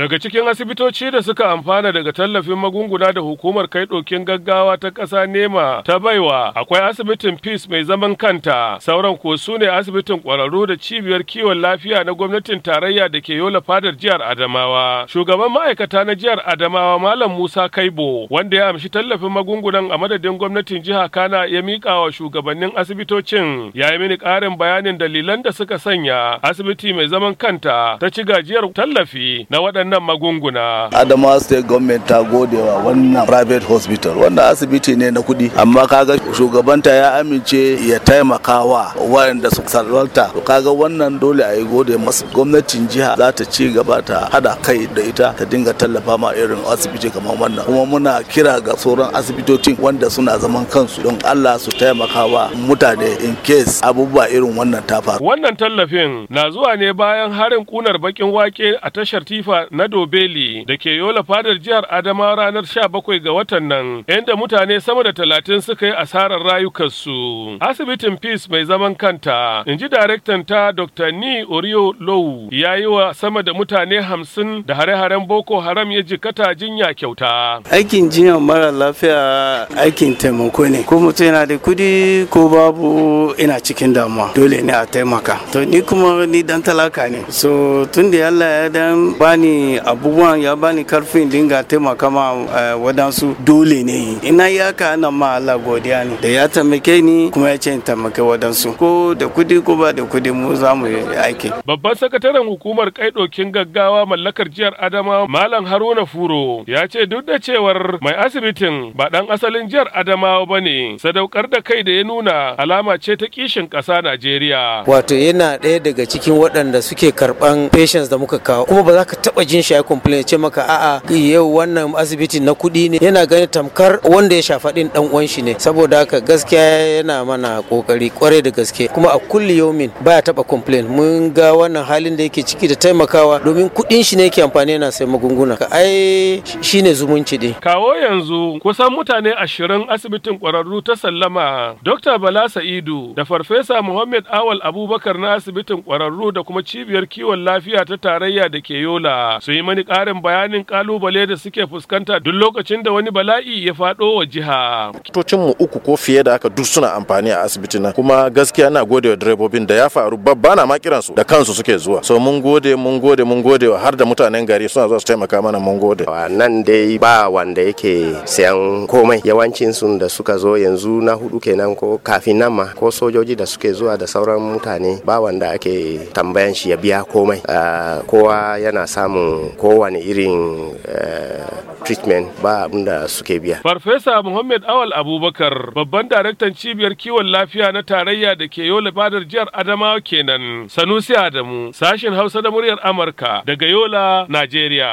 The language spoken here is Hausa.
Daga cikin asibitoci da suka amfana daga tallafin magunguna da hukumar kai ɗokin gaggawa ta ƙasa nema ta baiwa akwai asibitin Peace mai zaman kanta sauran ko su ne asibitin ƙwararru da cibiyar kiwon lafiya na gwamnatin tarayya da ke yola fadar jihar Adamawa. Shugaban ma'aikata na jihar Adamawa Malam Musa Kaibo wanda ya amshi tallafin magungunan a madadin gwamnatin jiha Kana ya miƙa wa shugabannin asibitocin ya yi mini ƙarin bayanin dalilan da suka sanya asibiti mai zaman kanta ta ci gajiyar tallafi na waɗannan wannan magunguna. Adamawa State Government ta godewa wannan private hospital wanda asibiti ne na kuɗi amma kaga shugabanta ya amince ya taimaka wa waɗanda su salwalta kaga wannan dole a yi gode masu gwamnatin jiha za ta ci gaba ta hada kai da ita ta dinga tallafa ma irin asibiti kamar wannan kuma muna kira ga sauran asibitocin wanda suna zaman kansu don Allah su taimaka wa mutane in case abubuwa irin wannan ta faru. Wannan tallafin na zuwa ne bayan harin kunar bakin wake a tashar tifa na Dobeli da ke yola fadar jihar Adama ranar 17 ga watan nan, inda mutane sama da talatin suka yi asarar rayukansu. Asibitin Peace mai zaman kanta, in ji daraktan ta Dr. Ni Oriyo Lowu, ya yi wa sama da mutane hamsin da hare-haren Boko Haram ya jikata jinya kyauta. Aikin jinya mara lafiya aikin taimako ne, ko mutum yana da kudi ko babu ina cikin damuwa, dole ne a taimaka. To ni kuma ni dan talaka ne, so tun da Allah ya dan bani abubuwan ya bani karfin dinga taimaka ma eh, wadansu dole ne ina ya ka ana ma Allah godiya ne da ya tamake ni kuma ya ce tamake wadansu ko da kudi ko ba da kudi mu za mu yi aiki. Babban sakataren hukumar kaidokin gaggawa mallakar jihar Adama Malam Haruna Furo ya ce duk da cewar mai asibitin ba dan asalin jihar adama ba ne sadaukar da kai da ya nuna alama ce ta kishin ƙasa Najeriya. Wato yana ɗaya daga cikin waɗanda suke karɓan patients da muka kawo kuma ba za ka taɓa jin shi ya complain ce maka a'a yau wannan asibiti na kuɗi ne yana ganin tamkar wanda ya shafa din dan uwan shi ne saboda haka gaskiya yana mana kokari kwarai da gaske kuma a kulli yomin baya taba complain mun ga wannan halin da yake ciki da taimakawa domin kuɗin shi ne yake amfani yana sai magunguna ka ai shine zumunci din kawo yanzu kusan mutane ashirin asibitin kwararru ta sallama dr bala sa'idu da farfesa muhammad awal abubakar na asibitin kwararru da kuma cibiyar kiwon lafiya ta tarayya da ke yola su yi mani ƙarin bayanin ƙalubale da suke fuskanta duk lokacin da wani bala'i ya faɗo wa jiha. Kitocin mu uku ko fiye da aka duk suna amfani a asibiti na kuma gaskiya na gode wa direbobin da ya faru babba na ma kiran su da kansu suke zuwa. So mun gode mun gode mun gode wa har da mutanen gari suna zuwa su taimaka mana mun gode. Nan dai ba wanda yake sayan komai yawancin sun da suka zo yanzu na hudu kenan ko kafin nan ma ko sojoji da suke zuwa da sauran mutane ba wanda ake tambayan shi ya biya komai ah, kowa yana samun kowane irin eh, treatment ba abinda suke biya. Farfesa Muhammad Awal Abubakar babban daraktan cibiyar kiwon lafiya na tarayya da ke Yola Badar jihar Adamawa kenan. Sanusi Adamu sashen Hausa da muryar Amurka daga Yola, Najeriya.